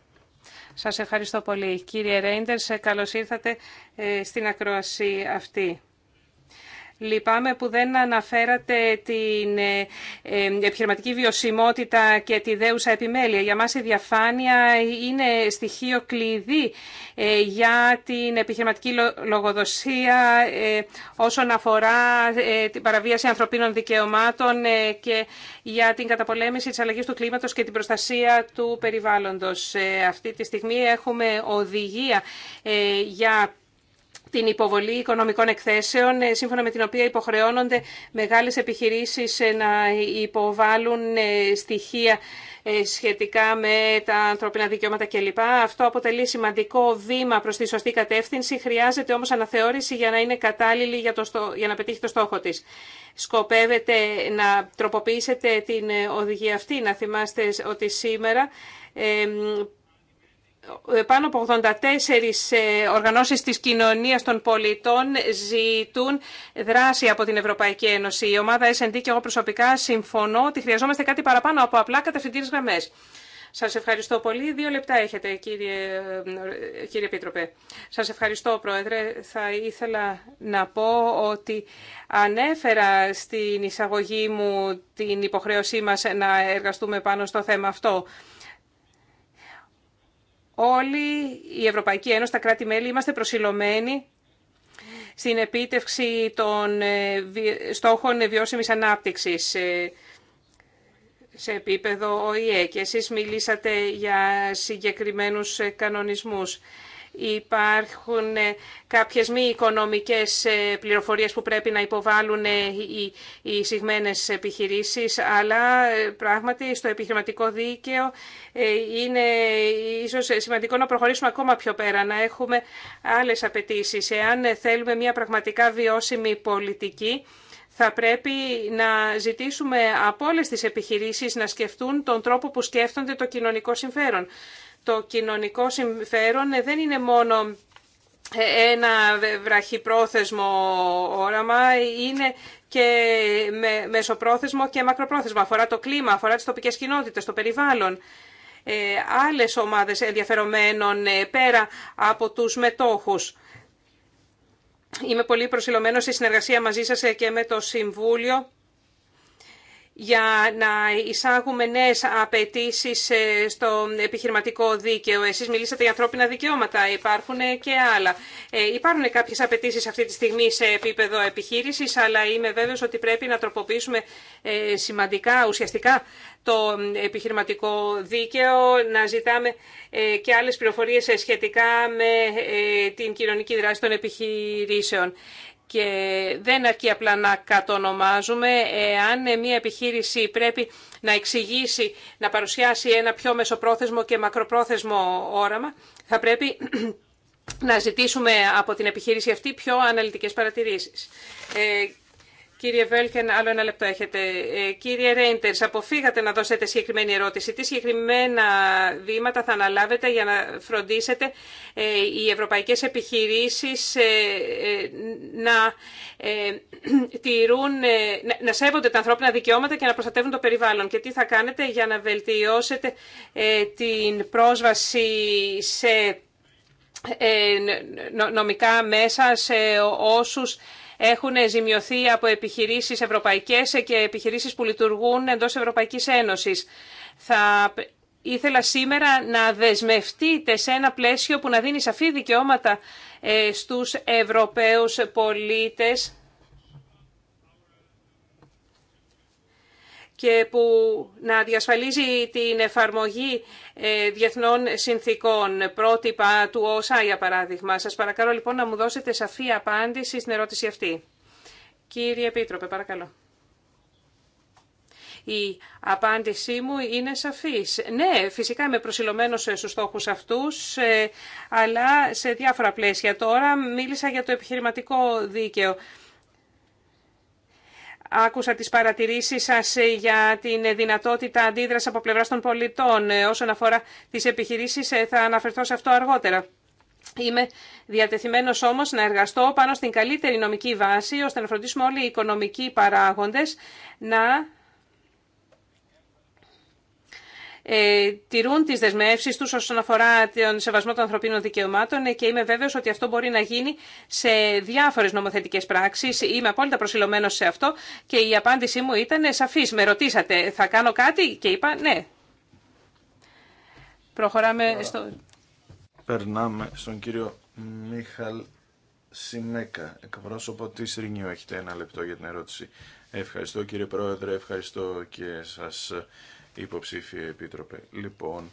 Σας ευχαριστώ πολύ. Κύριε Ρέιντερς, ε, καλώς ήρθατε ε, στην ακρόαση αυτή. Λυπάμαι που δεν αναφέρατε την ε, ε, επιχειρηματική βιωσιμότητα και τη δέουσα επιμέλεια. Για μας η διαφάνεια είναι στοιχείο κλειδί ε, για την επιχειρηματική λογοδοσία όσον αφορά την παραβίαση ανθρωπίνων δικαιωμάτων και για την καταπολέμηση της αλλαγής του κλίματος και την προστασία του περιβάλλοντος. Αυτή τη στιγμή έχουμε οδηγία για την υποβολή οικονομικών εκθέσεων, ε, σύμφωνα με την οποία υποχρεώνονται μεγάλες επιχειρήσεις ε, να υποβάλουν ε, στοιχεία σχετικά με τα ανθρώπινα δικαιώματα κλπ. Αυτό αποτελεί σημαντικό βήμα προς τη σωστή κατεύθυνση, χρειάζεται όμως αναθεώρηση για να είναι κατάλληλη για, το για να πετύχει το στόχο της. Σκοπεύετε να τροποποιήσετε την οδηγία αυτή, να θυμάστε ότι σήμερα πάνω από 84 ε, οργανώσεις της κοινωνίας των πολιτών ζητούν δράση από την Ευρωπαϊκή Ένωση. Η ομάδα S&D και εγώ προσωπικά συμφωνώ ότι χρειαζόμαστε κάτι παραπάνω από απλά κατευθυντήρες γραμμές. Σας ευχαριστώ πολύ. Δύο λεπτά έχετε, κύριε, κύριε Επίτροπε. Σας ευχαριστώ, Πρόεδρε. Θα ήθελα να πω ότι ανέφερα στην εισαγωγή μου την υποχρέωσή μας να εργαστούμε πάνω στο θέμα αυτό. Όλοι η Ευρωπαϊκή Ένωση, τα κράτη-μέλη, είμαστε προσιλωμένοι στην επίτευξη των ε, στόχων βιώσιμης ανάπτυξης ε, σε επίπεδο ΟΗΕ και εσείς μιλήσατε για συγκεκριμένους ε, κανονισμούς. Υπάρχουν ε, κάποιες μη οικονομικές ε, πληροφορίες που πρέπει να υποβάλουν ε, οι, οι συγμένες επιχειρήσεις, αλλά πράγματι στο επιχειρηματικό δίκαιο είναι ίσως σημαντικό να προχωρήσουμε ακόμα πιο πέρα, να έχουμε άλλες απαιτήσεις. Εάν θέλουμε μια πραγματικά βιώσιμη πολιτική, θα πρέπει να ζητήσουμε από όλε τις επιχειρήσεις να σκεφτούν τον τρόπο που σκέφτονται το κοινωνικό συμφέρον. Το κοινωνικό συμφέρον δεν είναι μόνο ένα βραχυπρόθεσμο όραμα, είναι και μεσοπρόθεσμο και μακροπρόθεσμο. Αφορά το κλίμα, αφορά τις τοπικές κοινότητες, το περιβάλλον, ε, άλλες ομάδες ενδιαφερομένων ε, πέρα από τους μετόχους. Είμαι πολύ προσιλωμένος στη συνεργασία μαζί σας ε, και με το Συμβούλιο για να εισάγουμε νέε απαιτήσει ε, στο επιχειρηματικό δίκαιο. Εσείς μιλήσατε για ανθρώπινα δικαιώματα, υπάρχουν ε, και άλλα. Ε, υπάρχουν κάποιες απαιτήσει αυτή τη στιγμή σε επίπεδο επιχείρησης, αλλά είμαι βέβαιος ότι πρέπει να τροποποιήσουμε σημαντικά, ουσιαστικά, το επιχειρηματικό δίκαιο, να ζητάμε και άλλες πληροφορίες σχετικά με την κοινωνική δράση των επιχειρήσεων. Και δεν αρκεί απλά να κατονομάζουμε. Εάν μια επιχείρηση πρέπει να εξηγήσει, να παρουσιάσει ένα πιο μεσοπρόθεσμο και μακροπρόθεσμο όραμα, θα πρέπει [clears throat] να ζητήσουμε από την επιχείρηση αυτή πιο αναλυτικές παρατηρήσεις. Ε, Κύριε Βέλκεν, άλλο ένα λεπτό έχετε. Ε, κύριε Ρέιντερ, αποφύγατε να δώσετε συγκεκριμένη ερώτηση. Τι συγκεκριμένα βήματα θα αναλάβετε για να φροντίσετε ε, οι ευρωπαϊκές επιχειρήσεις ε, [clears throat] να να σέβονται τα ανθρώπινα δικαιώματα και να προστατεύουν το περιβάλλον. Και τι θα κάνετε για να βελτιώσετε την πρόσβαση σε νομικά μέσα σε όσους έχουν ζημιωθεί από επιχειρήσεις ευρωπαϊκές και επιχειρήσεις που λειτουργούν εντός Ευρωπαϊκής Ένωσης. Θα ήθελα σήμερα να δεσμευτείτε σε ένα πλαίσιο που να δίνει σαφή δικαιώματα ε, στους Ευρωπαίους πολίτες και που να διασφαλίζει την εφαρμογή ε, διεθνών συνθήκων, πρότυπα του ΟΣΑ για παράδειγμα. Σας παρακαλώ λοιπόν να μου δώσετε σαφή απάντηση στην ερώτηση αυτή. Κύριε Επίτροπε, παρακαλώ. Η απάντησή μου είναι σαφής. Ναι, φυσικά είμαι προσιλωμένος στους στόχους αυτούς, ε, αλλά σε διάφορα πλαίσια. Τώρα μίλησα για το επιχειρηματικό δίκαιο. Άκουσα τις παρατηρήσεις σας ε, για την δυνατότητα αντίδραση από πλευρά των πολιτών. Ε, όσον αφορά τις επιχειρήσεις ε, θα αναφερθώ σε αυτό αργότερα. Είμαι διατεθειμένος όμως να εργαστώ πάνω στην καλύτερη νομική βάση ώστε να φροντίσουμε όλοι οι οικονομικοί παράγοντες να Ε, τηρούν τις δεσμεύσεις τους όσον αφορά τον σεβασμό των ανθρωπίνων δικαιωμάτων ε, και είμαι βέβαιος ότι αυτό μπορεί να γίνει σε διάφορες νομοθετικές πράξεις. Είμαι απόλυτα προσιλωμένος σε αυτό και η απάντησή μου ήταν ε, σαφής. Με ρωτήσατε θα κάνω κάτι και είπα ναι. Προχωράμε στο... Περνάμε στον κύριο Μίχαλ Σιμέκα, εκπρόσωπο τη Ρινιού. Έχετε ένα λεπτό για την ερώτηση. Ευχαριστώ κύριε Πρόεδρε, ευχαριστώ και σας υποψήφια επίτροπε. Λοιπόν,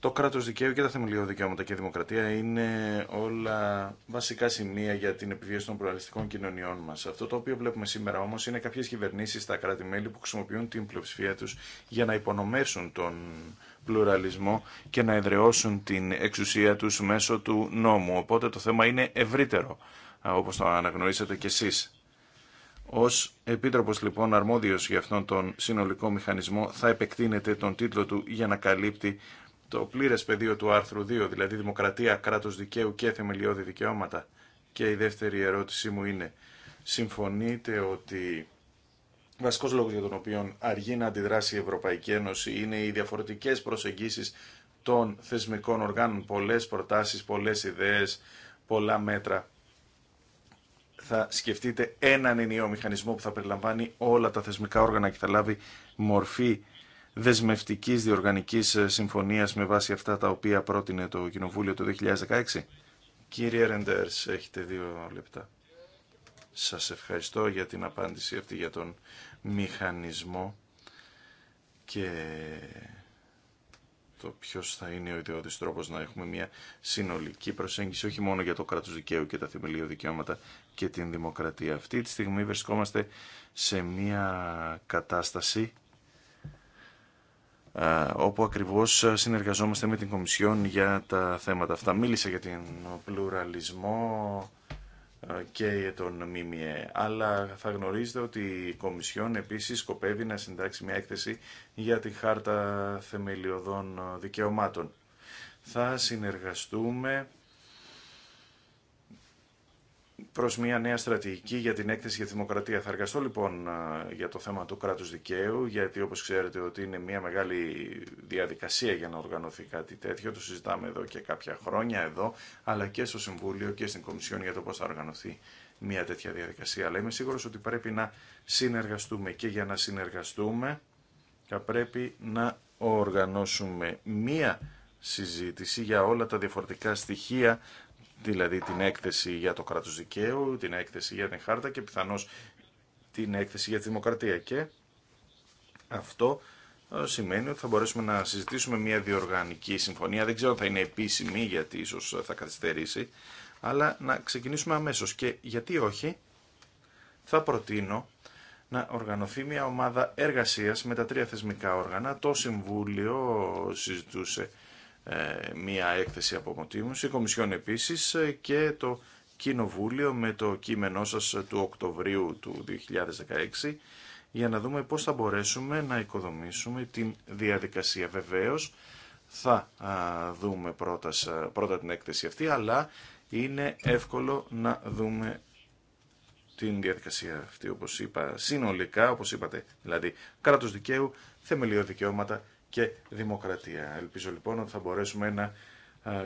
το κράτος δικαίου και τα θεμελιώδη δικαιώματα και η δημοκρατία είναι όλα βασικά σημεία για την επιβίωση των πλουραλιστικών κοινωνιών μα. Αυτό το οποίο βλέπουμε σήμερα όμω είναι κάποιε κυβερνήσει στα κράτη-μέλη που χρησιμοποιούν την πλειοψηφία του για να υπονομεύσουν τον πλουραλισμό και να εδραιώσουν την εξουσία τους μέσω του νόμου. Οπότε το θέμα είναι ευρύτερο, όπως το αναγνωρίσατε και εσείς. Ως Επίτροπος λοιπόν αρμόδιος για αυτόν τον συνολικό μηχανισμό θα επεκτείνεται τον τίτλο του για να καλύπτει το πλήρες πεδίο του άρθρου 2, δηλαδή δημοκρατία, κράτος δικαίου και θεμελιώδη δικαιώματα. Και η δεύτερη ερώτησή μου είναι, συμφωνείτε ότι βασικό λόγο για τον οποίο αργεί να αντιδράσει η Ευρωπαϊκή Ένωση είναι οι διαφορετικέ προσεγγίσεις των θεσμικών οργάνων, πολλέ προτάσει, πολλέ ιδέε, πολλά μέτρα θα σκεφτείτε έναν ενιαίο μηχανισμό που θα περιλαμβάνει όλα τα θεσμικά όργανα και θα λάβει μορφή δεσμευτικής διοργανικής ε, συμφωνίας με βάση αυτά τα οποία πρότεινε το Κοινοβούλιο το 2016. Κύριε Ρεντέρ, έχετε δύο λεπτά. Σας ευχαριστώ για την απάντηση αυτή για τον μηχανισμό και το ποιο θα είναι ο ιδιώτη τρόπος να έχουμε μια συνολική προσέγγιση όχι μόνο για το κράτος δικαίου και τα θεμελιώδη δικαιώματα και την δημοκρατία. Αυτή τη στιγμή βρισκόμαστε σε μια κατάσταση όπου ακριβώς συνεργαζόμαστε με την Κομισιόν για τα θέματα αυτά. Μίλησα για την πλουραλισμό και τον ΜΜΕ. Αλλά θα γνωρίζετε ότι η Κομισιόν επίσης σκοπεύει να συντάξει μια έκθεση για την Χάρτα Θεμελιωδών Δικαιωμάτων. Θα συνεργαστούμε Προ μια νέα στρατηγική για την έκθεση για τη δημοκρατία. Θα εργαστώ λοιπόν για το θέμα του κράτου δικαίου, γιατί όπω ξέρετε ότι είναι μια μεγάλη διαδικασία για να οργανωθεί κάτι τέτοιο. Το συζητάμε εδώ και κάποια χρόνια εδώ, αλλά και στο Συμβούλιο και στην Κομισιόν για το πώ θα οργανωθεί μια τέτοια διαδικασία. Αλλά είμαι σίγουρο ότι πρέπει να συνεργαστούμε και για να συνεργαστούμε θα πρέπει να οργανώσουμε μία συζήτηση για όλα τα διαφορετικά στοιχεία δηλαδή την έκθεση για το κράτος δικαίου, την έκθεση για την χάρτα και πιθανώς την έκθεση για τη δημοκρατία. Και αυτό ε, σημαίνει ότι θα μπορέσουμε να συζητήσουμε μια διοργανική συμφωνία. Δεν ξέρω αν θα είναι επίσημη γιατί ίσως θα καθυστερήσει, αλλά να ξεκινήσουμε αμέσως. Και γιατί όχι, θα προτείνω να οργανωθεί μια ομάδα εργασίας με τα τρία θεσμικά όργανα. Το Συμβούλιο συζητούσε ε, μία έκθεση από μοτίμους, η Κομισιόν επίσης ε, και το Κοινοβούλιο με το κείμενό σας ε, του Οκτωβρίου του 2016 για να δούμε πώς θα μπορέσουμε να οικοδομήσουμε την διαδικασία. Βεβαίως θα δούμε πρώτα, πρώτα την έκθεση αυτή, αλλά είναι εύκολο να δούμε την διαδικασία αυτή, όπως είπα, συνολικά, όπως είπατε, δηλαδή κράτος δικαίου, θεμελιώδη δικαιώματα και δημοκρατία. Ελπίζω λοιπόν ότι θα μπορέσουμε να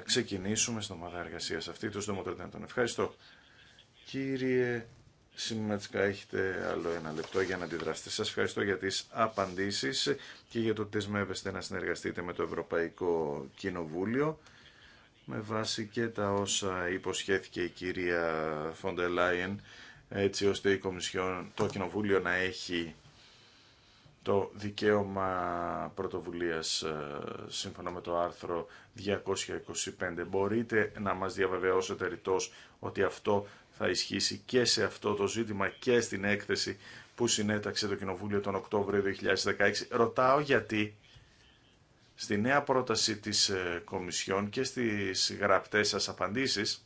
ξεκινήσουμε στην ομάδα εργασία αυτή τους να τον Ευχαριστώ. Κύριε Σημαντικά έχετε άλλο ένα λεπτό για να αντιδράσετε. Σας ευχαριστώ για τις απαντήσεις και για το ότι δεσμεύεστε να συνεργαστείτε με το Ευρωπαϊκό Κοινοβούλιο με βάση και τα όσα υποσχέθηκε η κυρία Φοντελάιεν έτσι ώστε η Κομισιόν, το Κοινοβούλιο να έχει το δικαίωμα πρωτοβουλίας ε, σύμφωνα με το άρθρο 225. Μπορείτε να μας διαβεβαιώσετε ρητός ότι αυτό θα ισχύσει και σε αυτό το ζήτημα και στην έκθεση που συνέταξε το Κοινοβούλιο τον Οκτώβριο 2016. Ρωτάω γιατί στη νέα πρόταση της ε, Κομισιόν και στις γραπτές σας απαντήσεις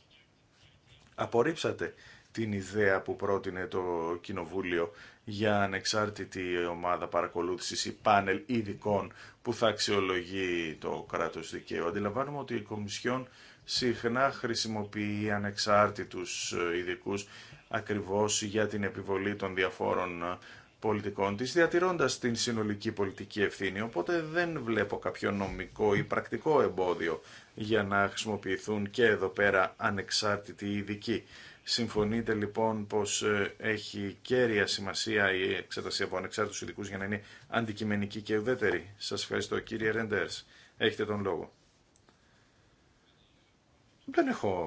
απορρίψατε την ιδέα που πρότεινε το Κοινοβούλιο για ανεξάρτητη ομάδα παρακολούθησης ή πάνελ ειδικών που θα αξιολογεί το κράτος δικαίου. Αντιλαμβάνομαι ότι η Κομισιόν συχνά χρησιμοποιεί ανεξάρτητους ε, ειδικού ακριβώς για την επιβολή των διαφόρων ε, πολιτικών της, διατηρώντας την συνολική πολιτική ευθύνη, οπότε δεν βλέπω κάποιο νομικό ή πρακτικό εμπόδιο για να χρησιμοποιηθούν και εδώ πέρα ανεξάρτητοι ειδικοί. Συμφωνείτε λοιπόν πως ε, έχει κέρια σημασία η εξέταση από ανεξάρτητους ειδικού για να είναι αντικειμενική και ουδέτερη. Σας ευχαριστώ κύριε Ρεντέρς. Έχετε τον λόγο. Δεν έχω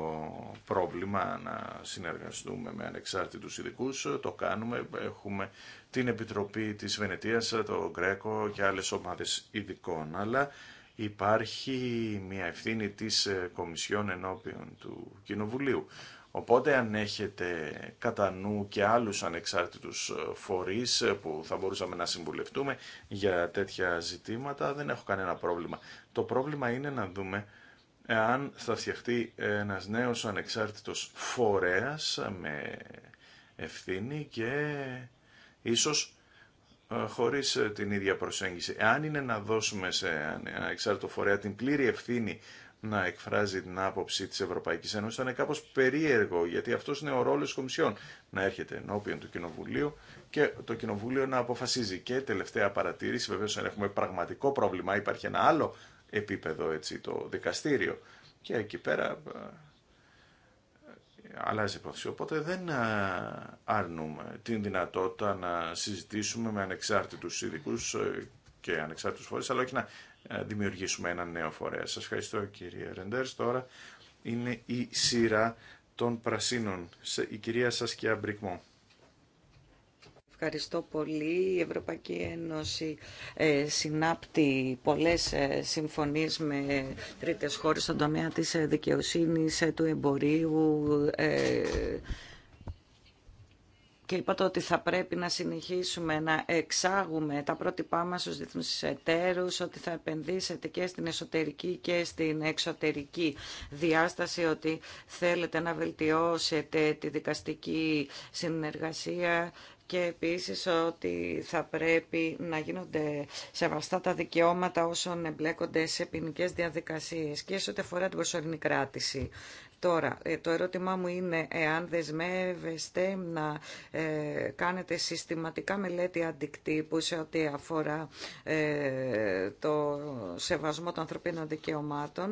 πρόβλημα να συνεργαστούμε με ανεξάρτητους ειδικού. Το κάνουμε. Έχουμε την Επιτροπή της Βενετίας, το Γκρέκο και άλλες ομάδες ειδικών. Αλλά υπάρχει μια ευθύνη της ε, Κομισιόν ενώπιον του Κοινοβουλίου. Οπότε αν έχετε κατά νου και άλλους ανεξάρτητους ε, φορείς ε, που θα μπορούσαμε να συμβουλευτούμε για τέτοια ζητήματα, δεν έχω κανένα πρόβλημα. Το πρόβλημα είναι να δούμε αν θα φτιαχτεί ένας νέος ανεξάρτητος φορέας με ευθύνη και ίσως ε, χωρίς την ίδια προσέγγιση. Αν είναι να δώσουμε σε ανεξάρτητο φορέα την πλήρη ευθύνη να εκφράζει την άποψη της Ευρωπαϊκής Ένωσης είναι κάπως περίεργο, γιατί αυτός είναι ο ρόλος της Κομισιόν, να έρχεται ενώπιον του Κοινοβουλίου και το Κοινοβούλιο να αποφασίζει. Και τελευταία παρατήρηση, βεβαίως αν έχουμε πραγματικό πρόβλημα, υπάρχει ένα άλλο επίπεδο, έτσι, το δικαστήριο. Και εκεί πέρα ε, αλλάζει υπόθεση. Οπότε δεν άρνουμε ε, την δυνατότητα να συζητήσουμε με ανεξάρτητους ειδικού ε, και ανεξάρτητους φορείς, αλλά όχι να ε, δημιουργήσουμε ένα νέο φορέα. Σας ευχαριστώ κύριε Ρεντέρς. Τώρα είναι η σειρά των πρασίνων. Η κυρία και Μπρικμό. Ευχαριστώ πολύ. Η Ευρωπαϊκή Ένωση ε, συνάπτει πολλές ε, συμφωνίες με τρίτες χώρες στον τομέα της δικαιοσύνης, του εμπορίου, και είπατε ότι θα πρέπει να συνεχίσουμε να εξάγουμε τα πρότυπά μας στους διεθνούς εταίρους, ότι θα επενδύσετε και στην εσωτερική και στην εξωτερική διάσταση, ότι θέλετε να βελτιώσετε τη δικαστική συνεργασία και επίσης ότι θα πρέπει να γίνονται σεβαστά τα δικαιώματα όσων εμπλέκονται σε ποινικέ διαδικασίες και σε ό,τι αφορά την προσωρινή κράτηση. Τώρα, ε, το ερώτημά μου είναι εάν δεσμεύεστε να ε, κάνετε συστηματικά μελέτη αντικτύπου σε ό,τι αφορά ε, το σεβασμό των ανθρωπίνων δικαιωμάτων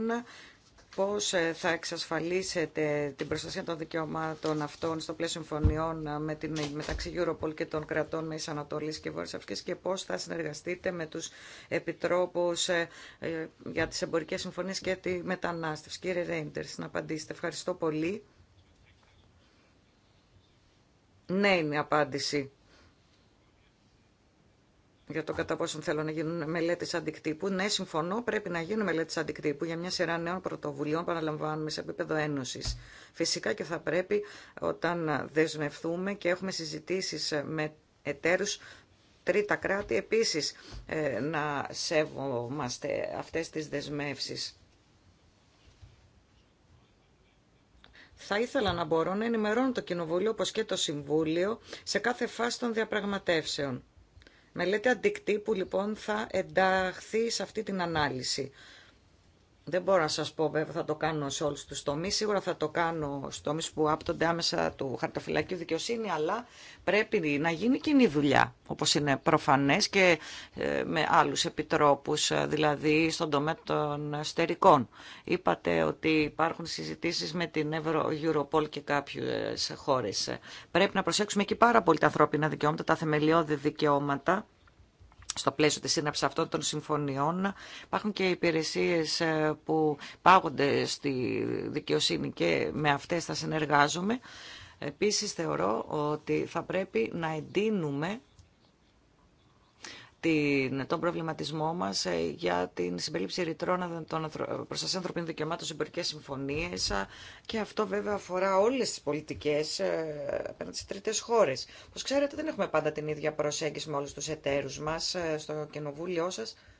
πώς ε, θα εξασφαλίσετε την προστασία των δικαιωμάτων αυτών στο πλαίσιο συμφωνιών ε, με την, μεταξύ Europol και των κρατών Μέσης Ανατολής και Βόρειας Αυγής και πώς θα συνεργαστείτε με τους επιτρόπους ε, για τις εμπορικές συμφωνίες και τη μετανάστευση. Κύριε Ρέιντερς, να απαντήσετε. Ευχαριστώ πολύ. Ναι είναι η απάντηση για το κατά πόσον θέλω να γίνουν μελέτε αντικτύπου. Ναι, συμφωνώ, πρέπει να γίνουν μελέτε αντικτύπου για μια σειρά νέων πρωτοβουλειών που αναλαμβάνουμε σε επίπεδο ένωση. Φυσικά και θα πρέπει όταν δεσμευτούμε και έχουμε συζητήσει ε, με εταίρου τρίτα κράτη επίσης ε, να σέβομαστε αυτές τις δεσμεύσεις. θα ήθελα να μπορώ να ενημερώνω το Κοινοβούλιο όπως και το Συμβούλιο σε κάθε φάση των διαπραγματεύσεων. Μελέτη αντικτύπου λοιπόν θα ενταχθεί σε αυτή την ανάλυση. Δεν μπορώ να σας πω βέβαια θα το κάνω σε όλους τους τομείς, σίγουρα θα το κάνω στους τομείς που άπτονται άμεσα του χαρτοφυλακίου δικαιοσύνη, αλλά πρέπει να γίνει κοινή δουλειά, όπως είναι προφανές και ε, με άλλους επιτρόπους, ε, δηλαδή στον τομέα των στερικών. Είπατε ότι υπάρχουν συζητήσεις με την Ευρω Europol και κάποιες χώρες. Πρέπει να προσέξουμε εκεί πάρα πολύ τα ανθρώπινα δικαιώματα, τα θεμελιώδη δικαιώματα, στο πλαίσιο της σύναψης αυτών των συμφωνιών. Υπάρχουν και υπηρεσίες ε, που πάγονται στη δικαιοσύνη και με αυτές θα συνεργάζομαι. Επίσης θεωρώ ότι θα πρέπει να εντείνουμε την, τον προβληματισμό μα ε, για την συμπερίληψη ρητρών των ε, προστασία ανθρωπίνων δικαιωμάτων σε εμπορικέ συμφωνίε. Και αυτό βέβαια αφορά όλε τι πολιτικέ ε, απέναντι στι τρίτε χώρε. Όπω ξέρετε, δεν έχουμε πάντα την ίδια προσέγγιση με όλου του εταίρου μα στο κοινοβούλιο σα.